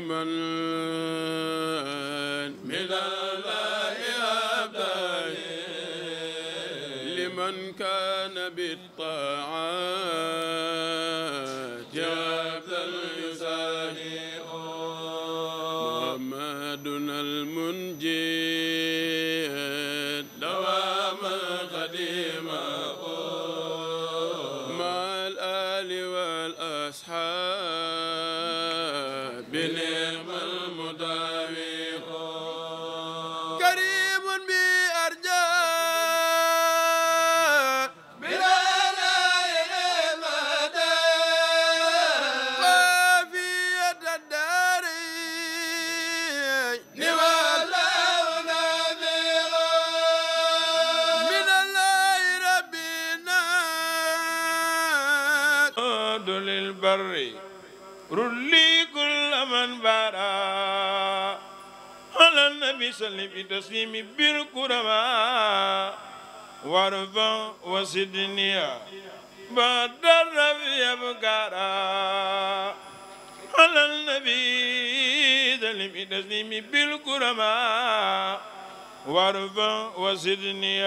من من النبي سلم بتسليم بالكرماء وارفع وسدني بعد الربيع بكارا على النبي سلم بتسليم بالكرماء وارفع وسدني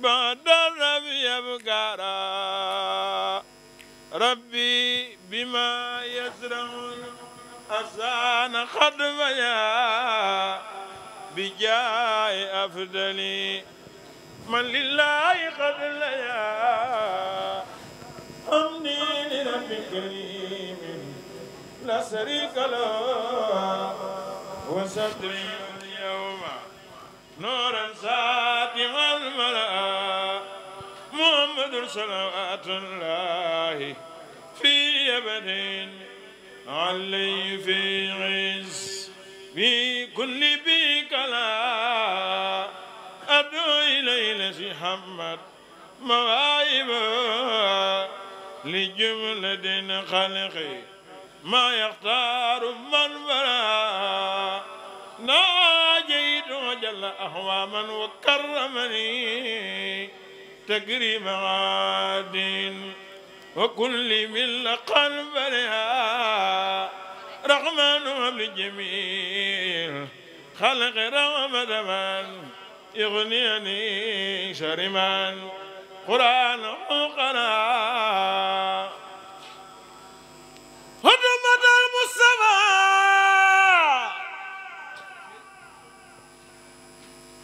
بعد الربيع بكارا ربي بما يزرعون أسان خدميا بجاء أفدلي من لله قد ليا حمدي لرب كريم لا شريك له وصدري اليوم نورا ساتم الملا محمد صلوات الله في أبد علي في عز في كل بي ولا أدعو إليه محمد مواهب لجملة خلقي ما يختار من برا ناجيت وجل أهواما وكرمني تقريب عاد وكل من قلبها رغم لجميل خلق رغم دمان يغنيني شرمان قرآن وقنا هدمة المصطفى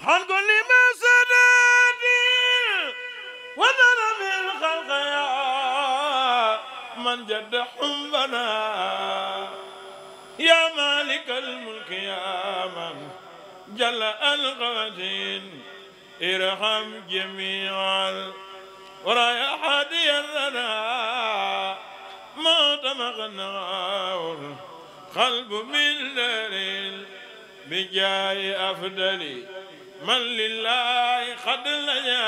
عن كل مسد وضرب الخلق يا من جد حبنا قياما جل القدير ارحم جميع ورايا حادي الردى ما تمغنى قلب من دليل بجاه أفضل من لله قد لجا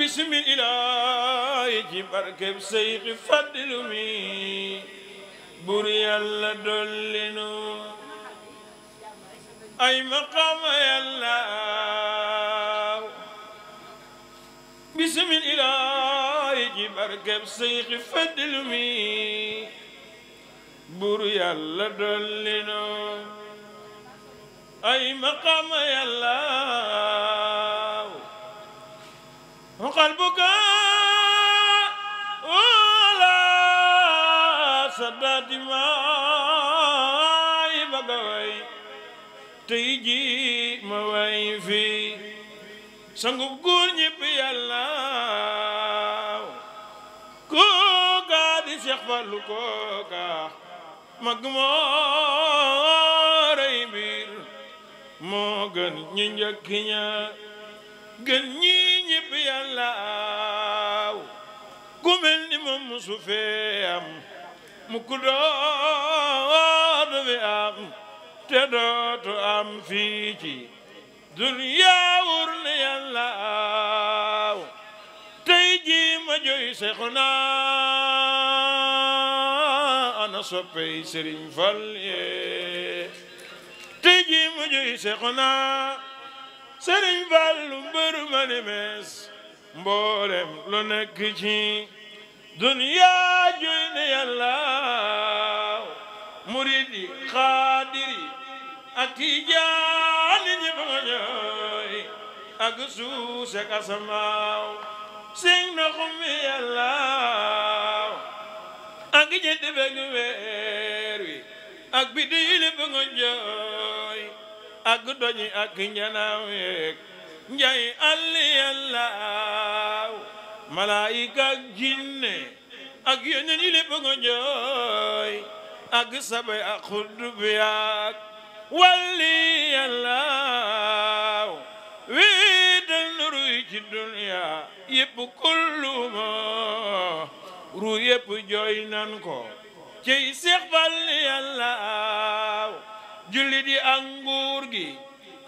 بسم الإله بركب سيخ فضل مين bur yàlla dollinu ay maqaama yàlla bismil ilaahi ji barkeb seyxi fadlu mi bur yàlla dollinu ay maqaama yàlla xalbuka saddaati maay bëgg a way tey jii ma way fii sangub góor ñëpp yàlla kooka di Seex Fallu kooka mag moo biir moo gën ñi njëkk ña gën ñi ñëpp yàlla ku mel ni moom musu fee am mukkudoon fi am te dootu am fii ci duniya wur ni yàlla aw tey ji ma joy Seexuna ana soppey Sëriñ Fal yee tey ji ma joy Seexuna Sëriñ Fal lu mbër ma ni mees mboolem lu دنيا جيني الله مريدي قادري أتيجاني جبغجوي أقسوسك أسماو سين خمي الله أقجد بغويري أقبدي لبغجوي أقدني أقنجناويك جاي الله الله malaayika ak jinne ak yeneen yi lépp nga ak sabay ak xuddub yaak walli yàllaaw wiital nu ruy ci duniyaa yépp kulluma ru yépp jooy ko cey seex balli yàllaaw julli di ak gi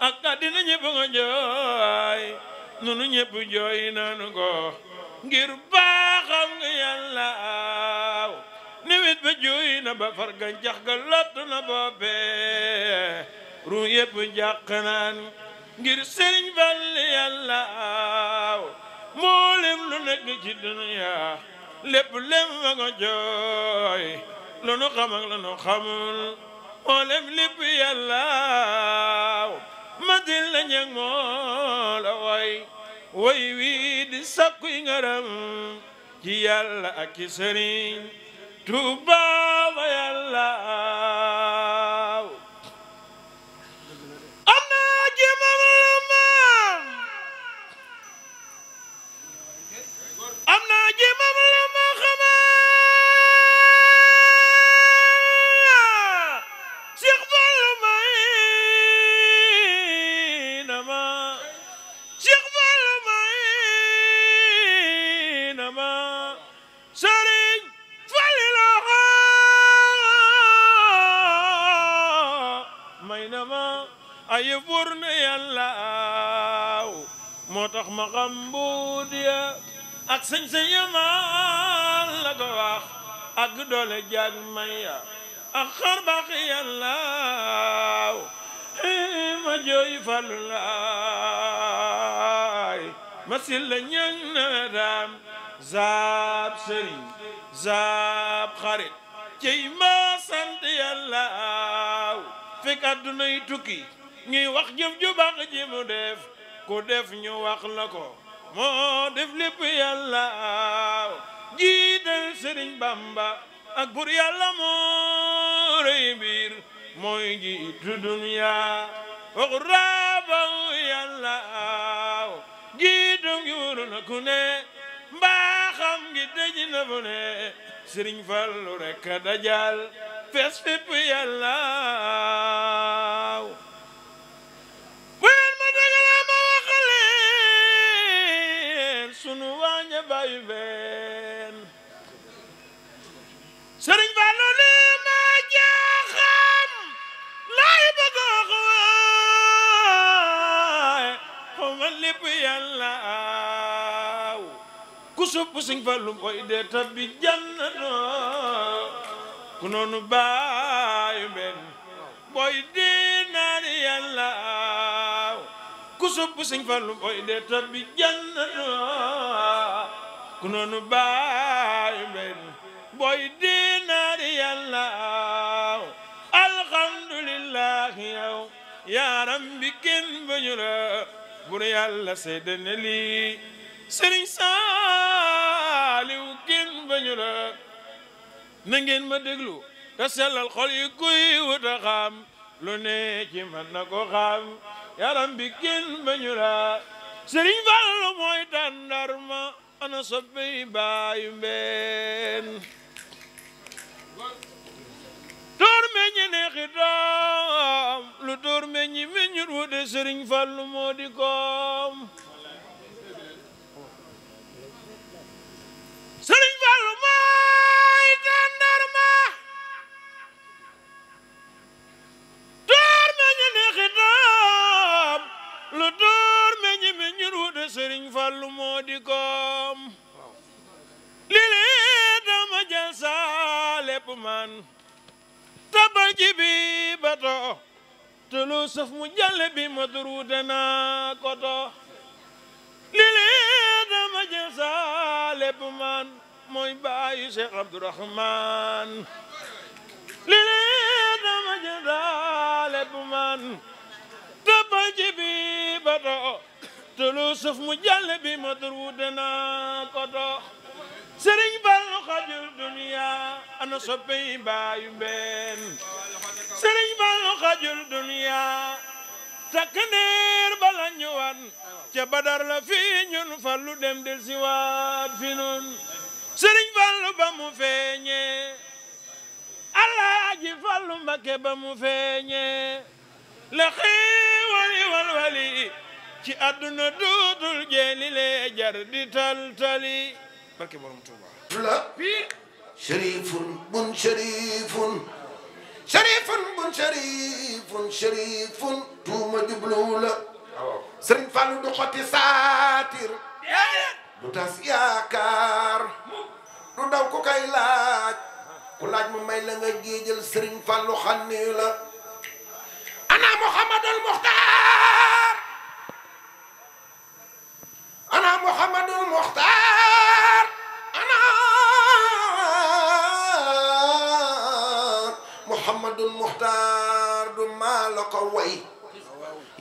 ak àddina ñépp nga jooy nunu ñépp jooy nan ko ngir baaxam nga yàlla aw niwit ba juy na ba far gàncax ga na boobe ru yëpp jàq naan ngir sëriñ Fall yàlla aw lu nekk ci dunya lépp lem ma lu nu xam lu nu xamul mboolem lépp yàlla matil la ñag moo woy wii di sakkuy ngërëm ci yàlla ak ci sëriñ Tuubaa aye buur na yàlla moo tax ma xam mbuud ya ak sañ-sañ ya la ko ak doole jaag may ya ak xar baax yàlla eh, ma jooy falu laay ma silla ñang na daam zaab sëriñ zaab xarit cey ma sant yàlla aw fekk yi tukki ñuy wax jëf ju baax ji mu def ku def ñu wax la ko moo def lépp yàlla jiital sëriñ bamba ak bur yàlla moo rëy biir mooy jiitu dunya wax raabaw yàlla jiitu gi wuru na ku ne mbaaxam gi dëj na bu ne sëriñ fallu rekk dajal fees fépp yàlla yàlla aaw ku sopp Sëñ Fallu dee tabbi jannatoo ku noonu baayu benn boy dee naan yàlla aaw ku sopp Sëñ Fallu koy dee tabbi jannatoo ku noonu baayu benn boy dee naan yàlla aaw alhamdulillahi yow yaaram bi kenn bañu la bur yàlla seede ne lii sëriñ saaliw génn bañu la na ngeen ma déglu te sellal xol yi kuy wut a lu ne ci man na ko xam yaram bi génn bañu la sëriñ Fallu mooy tàndar ma ana soppey baayu mbeen xidaam lu dóor meññi meññut wude sëriñ Fallu moo di koom sëriñ Fallu mooy tàndarma dóor meññi ne xidaam lu dóor meññi meññut wude sëriñ Fallu moo di koom lile dama jël saa lépp man jibi bato mu jàll bi ma durute naa koto li lee dama jël saa lépp man mooy baayu Cheikh te lu bi ma durute koto sëriñ Fallu xajul dunya ana soppe baayu benn sëriñ Fallu xajul dunya takk neer bala wan ca badar la fii ñun fallu dem del fi nun sëriñ Fallu ba mu feeñee alaaji Fallu Mbakke ba mu feeñee la xéewali walwali ci àdduna duutul jeeli lee jar di taltali barke borom Touba. lu la. sharifun bun sharifun. sharifun bun sharifun sharifun. tuuma jublu la. Serigne Fallou du xotti saatir. du tas yaakaar. du daw ku kay laaj. ku laaj mu may la nga géejal Serigne Fallou xànni la. ana Muhammadul Muxtaar. ana Muhammadul Muxtaar. muhammadun muxtaar du maa la ko way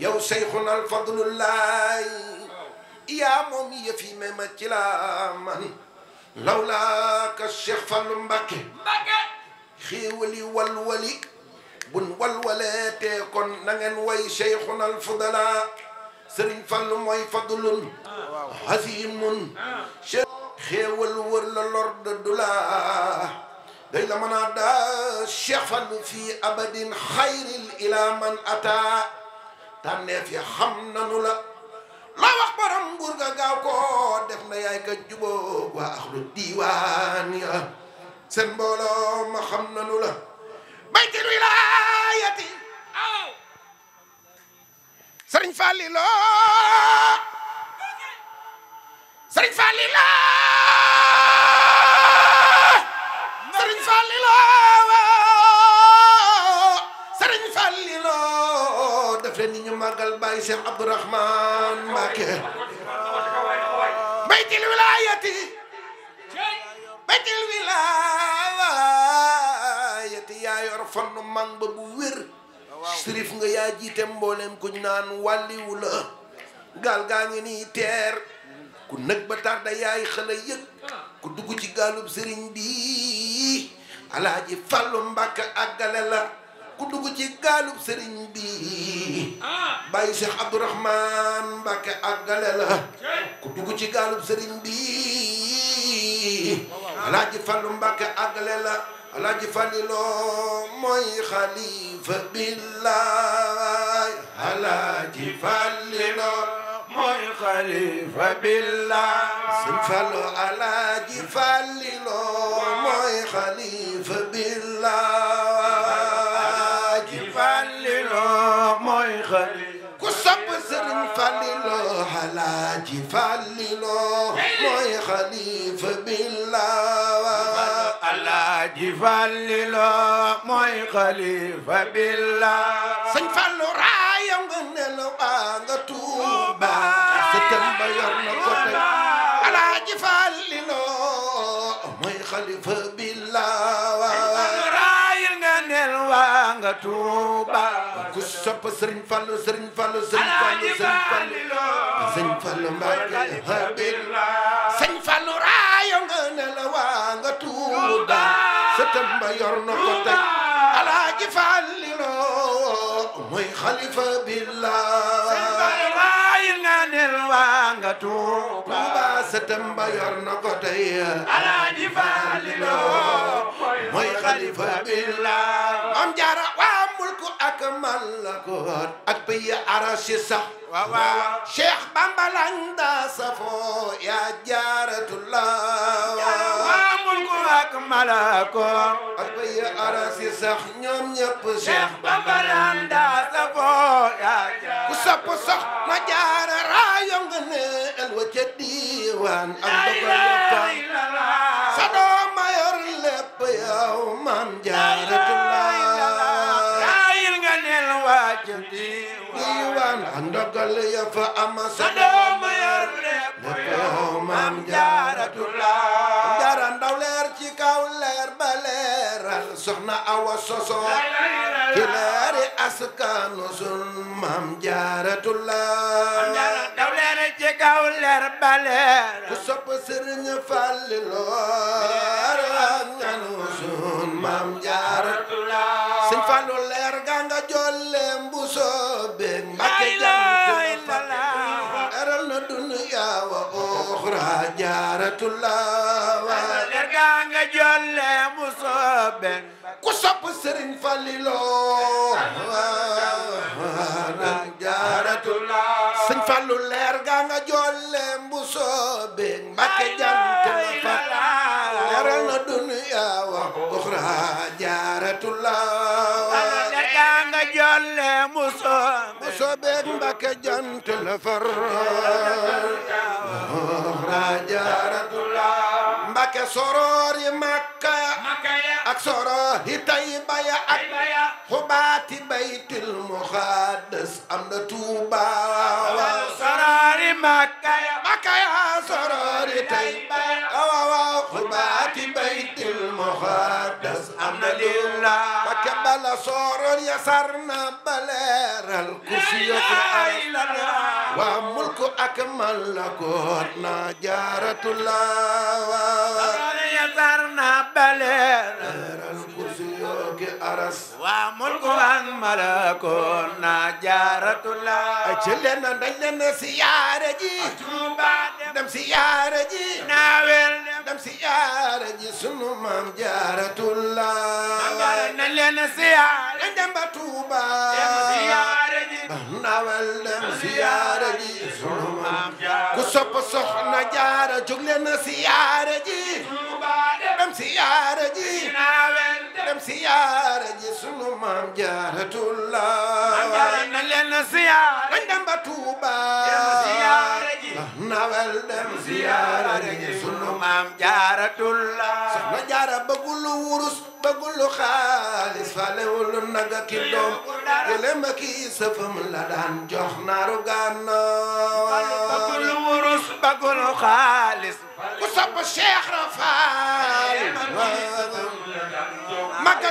yow seyxuna alfadlullaay yaa moom yëf yi may ma ci laa mani lawlaaka cheikh fallu mbàkke walwali bun walwalee te kon na way seyxuna alfudala sëriñ fallu mooy fadlun ah, hasimun ah. xéewal wër la lord du la dañ la mën a daa Cheikh Fallou fii xayril ila man ata tànnee fi xam nanu la la wax borom nguur ga gaaw def na yaay ka jubóog waa axlu diiwaan ya seen ma xam nanu la baytil wilaayati aw sëriñ Falliloo sëriñ bàyyi Cheikh Abdourahman Mbacké baytil wilayati baytil wilayati yaa yor man ba bu wér sirif nga yaa jiite mboolem kuñ naan wàlliwu la gaal gaa ngi nii teer ku nëg ba tarda yaay xala ku dugg ci gaalub sëriñ bi alaaji Fàllu Mbàkke àggale la ku dugg ci gaalub sëriñ bi ah. bàyyi Cheikh Abdourahman Mbacke àggale la ku dugg ci gaalub sëriñ bi alaaji Fallu Mbacke àggale la alaaji Faliloo mooy xalifa billaay alaaji Faliloo mooy xalifa billaay falliloo mooy xalifa billah alaaji falliloo mooy xalifa billah sëñ fallu raayam nga nelo baa nga tuuba sëtam ba yor alaaji falliloo mooy xalifa billah la Touba a sopp Serigne Fallou Serigne Fallou Serigne ne la waa nga Touba sëtam ba yor na ko mooy xalifa billah yi nga nel waa nga Tuuba sëtam ba yor na ko tey Alaaji Faalilu mooy xalifa billah Maam Jaara ak malakoot ak pays arraché sax waaw waaw Cheikh Bamba lañ daa safoo yaa jaaratullah waaw mulku ak malakoot ak pays arraché sax ñoom ku sapp sax ma jaara raayong ne el wa ca diiwaan ak dogal andagal ya fa ama sadom yor lépp yow maam jaaratullah jaara ndaw leer ci kaw leer ba leeral soxna awa soso ci leeri askanu sun maam jaaratullah jaara ndaw leer ci kaw leer ba leeral ku sopp sëriñ Fallu loor nganu sun maam jaaratullah sin fallu leer ganga jaaratullah wala derga nga jolle mu ku sopp Serigne Fallilo jaaratullah Serigne Fallu leer ga nga jolle mu soben Mbakke jant la fa leeral na wa ukhra jaaratullah beeg Mbàkke jant la far jaaratullaa Mbàkke soroor yi Makka ak soroor yi Tayba ya ak xubaati baytil muqaddas am na Tuubaa soroor yi Makka ya سرار تيبا أو قربات بيت المقدس أمن لله وكبل صور يسرنا بلير الكسية أيلنا وملك أكمل لكوتنا جارة الله سرار يسرنا بلير الكسية ملك أرس وملك أن ملكنا جارة الله أجلنا نجلنا سيارة جي أتوبا دم سيارة جي ناويل دم سيارة جي سنو مام جارة الله نجلنا سيارة دم بطوبا دم سيارة جي ناويل دم سيارة جي سنو مام جارة ku sopp soxna jaara jóg leen na siyaare ji dem siyaare ji dem siyaare ji sunu maam jaaratullah na leen siyaare nañ dem ba Tuuba siyaare ji ah, nawel dem siyaare ji sunu maam jaaratullah soxna jaara bëggul wurus bëggul xaalis falewul naga ki doom gëlëm ak i sëfam la daan jox naaru gànnaar bëggul wurus bëggul xaalis ku sopp Cheikh Rafaal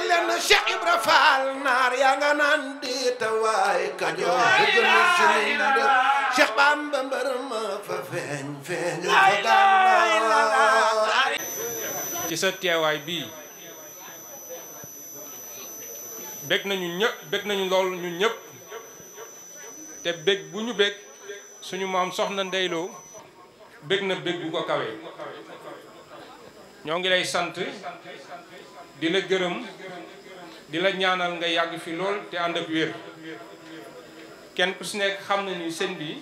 na nga naan ci sa teewaay bii bég nañu ñëpp bég nañu lool ñun ñëpp te bég bu ñu bég suñu maam soxna ndeyloo bég na bég bu ko kawee ñoo ngi lay sant di la gërëm di la ñaanal nga yàgg fi lool te ànd ak kenn ku si nekk xam na ni sëñ bi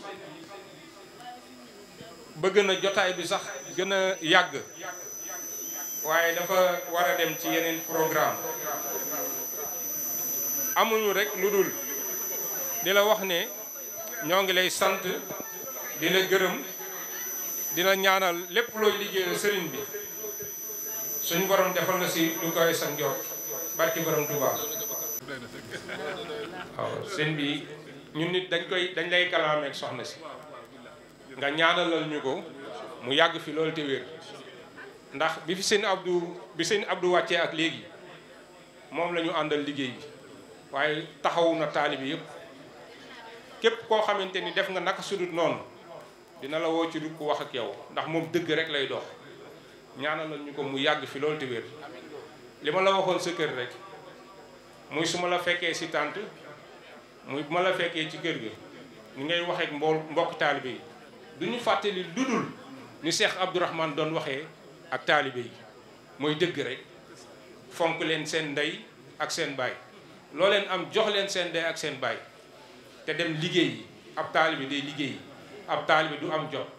bëgg na jotaay bi sax gën a yàgg waaye dafa war a dem ci yeneen programme amuñu rek lu dul di la wax ne ñoo ngi lay sant di gërëm dina ñaanal lépp looy liggéeyal sëriñ bi suñ borom defal na si lu koy sa njort barki borom Tuubaa waaw sëñ bi ñun nit dañ koy dañ lay kalaameeg soxna si nga ñaanalal ñu ko mu yàgg fi loolu te wér ndax bi fi sëñ abdu bi sëñ Abdou wàccee ak léegi moom lañu ñu àndal liggéey bi waaye taxawu na taalibe yëpp képp koo xamante ni def nga naka sudut noonu dina la woo ci du ko wax ak yow ndax moom dëgg rek lay dox ñaanalal ñu ko mu yàgg fi loolu te wér li ma la waxoon sa kër rek muy su ma la fekkee si tànt muy bu ma la fekkee ci kër gi ni ngay waxeek mbool mbokk taalibe du ñu fàttali lu dul ni Seex Abdourahmane doon waxee ak taalibe yi mooy dëgg rek fonk leen seen ndey ak seen baay loo leen am jox leen seen ndey ak seen baay te dem liggéey yi ab taalibe day liggéey ab taalibe du am jot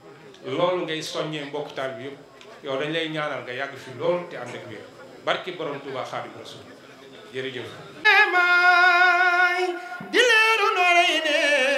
loolu ngay soññee mbokk taalibe yëpp yow dañ lay ñaanal nga yàgg fi lool te ànd ak wér barki borom Touba Xaadim Rasul jërëjëf. may di leeru nooray ne